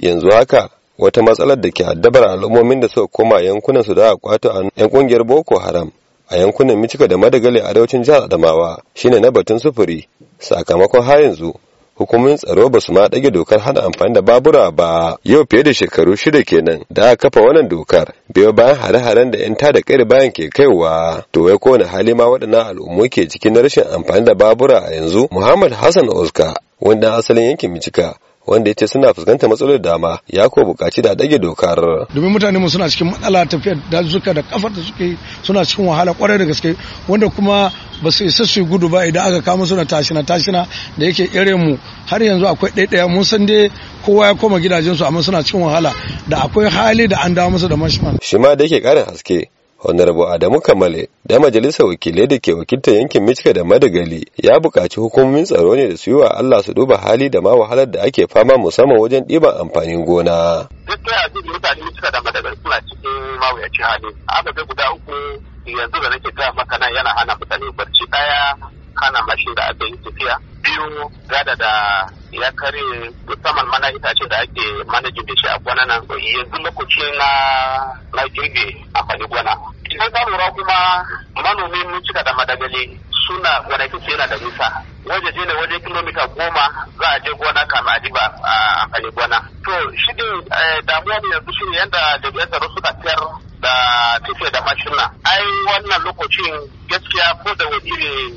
yanzu haka wata matsalar da ke addabar al'ummomin da suka koma yankunan su da a kwato a yan kungiyar boko haram a yankunan micika da madagali a arewacin jihar adamawa shine na batun sufuri sakamakon har yanzu hukumomin tsaro ba su ma dage dokar hana amfani da babura ba yau fiye da shekaru shida kenan da aka kafa wannan dokar biyo bayan hare-haren da 'yan tada kai bayan ke kaiwa to wai kowane hali ma waɗannan al'ummu ke cikin rashin amfani da babura a yanzu muhammad hassan oska wanda asalin yankin micika wanda ya ce suna fuskantar matsalolin dama ya ko bukaci da dage dokar domin mutane mu suna cikin matsala tafiyar da zuka da kafar da suke suna cikin wahala kwarai da gaske wanda kuma ba su isa su gudu ba idan aka kama suna tashina tashina da yake ire mu har yanzu akwai ɗaya mun san dai kowa ya koma gidajensu amma suna cikin wahala da akwai hali da an dawo musu da mashman shi ma da yake karin haske Honorable Adamu Kamale da majalisar wakilai da ke wakiltar yankin Michigan da Madagali ya buƙaci hukumomin tsaro ne da su yi wa Allah su duba hali da ma wahalar da ake fama musamman wajen ɗiban amfanin gona. Gaskiya a cikin mutane Michigan da Madagali suna cikin mawuyacin hali. Aka ga guda uku yanzu da nake gaya maka nan yana hana mutane barci ɗaya hana mashin da aka yi tafiya. Biyu gada da ya kare musamman mana itace da ake manajin da shi a gwana nan yanzu lokaci na na girbe fadi gwana idan ka lura kuma manomin mun cika da madagali suna gonaki su yana da nisa waje je ne waje kilomita goma za a je gona kama a fadi gwana to shi ne eh, damuwa ne yanzu shi ne yadda da tsaro suka tiyar da tafiya da mashina ai wannan lokacin gaskiya ko da wani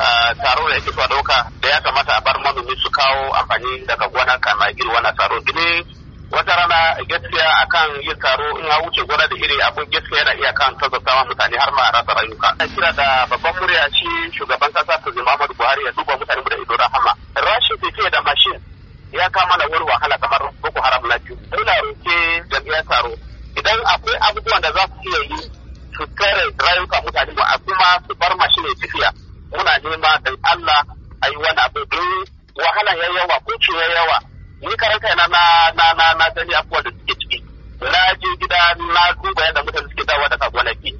eh, taro da yake faɗauka da ya domin su kawo amfani daga gona kama iri wani tsaro domin wata rana gaskiya akan yin taro in ya wuce gona da iri abin gaskiya yana iya kan tazartawa mutane har ma rasa rayuka. Ina kira da babban murya shi shugaban kasa su Muhammadu Buhari ya duba mutane da ido rahama. Rashin tafiya da mashin ya kama da wani wahala kamar Boko Haram na biyu. Ina roke jami'an taro idan akwai abubuwan da za su iya yi su kare rayuka mutane ba a kuma su bar mashin ya tafiya. Muna nema dan Allah a yi wani abu wahala ya yawa ko ya yawa ni karan kaina na na na na gani abubuwa da suke ciki na je gida na duba yadda mutane suke dawo daga gonaki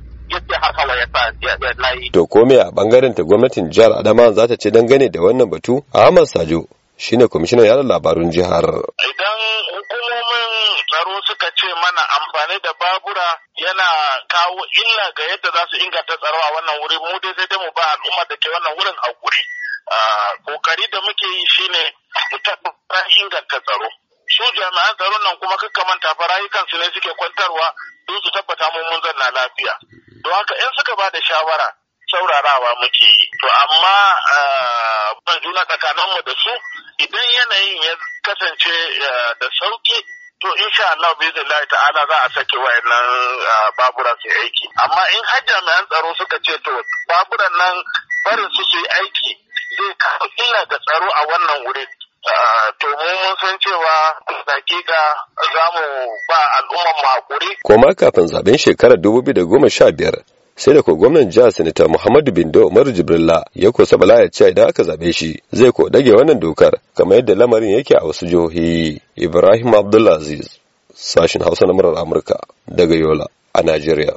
Ya har hawa ya sa na yi to me a bangaren ta gwamnatin jihar Adama za ta ce dangane da wannan batu Ahmad Sajo shine kwamishinan yada labarun jihar idan hukumomin tsaro suka ce mana amfani da babura yana kawo illa ga yadda za su inganta tsaro a wannan wuri mu dai sai dai mu ba al'ummar da ke wannan wurin a kokari da muke yi shine mu tabbatar inganta tsaro su jami'an tsaron nan kuma kakka manta fa su ne suke kwantarwa don su tabbata mun mun zanna lafiya don haka in suka ba da shawara saurarawa muke yi to amma ban juna mu da su idan yanayin ya kasance da sauki to insha Allah bizillahi ta'ala za a sake wayannan babura su aiki amma in har jami'an tsaro suka ce to babura nan barin su su yi aiki zai kawo illa tsaro a wannan wuri. Ah, to mun san cewa dakika za mu ba al'umman makuri. Koma kafin zaben shekarar 2015 sai da ko gwamnan jihar sanita muhammadu bindo umaru jibrilla ya kosa bala ya ce idan aka zabe shi zai ko dage wannan dokar kamar yadda lamarin yake a wasu jihohi ibrahim abdulaziz sashin hausa na murar amurka daga yola a najeriya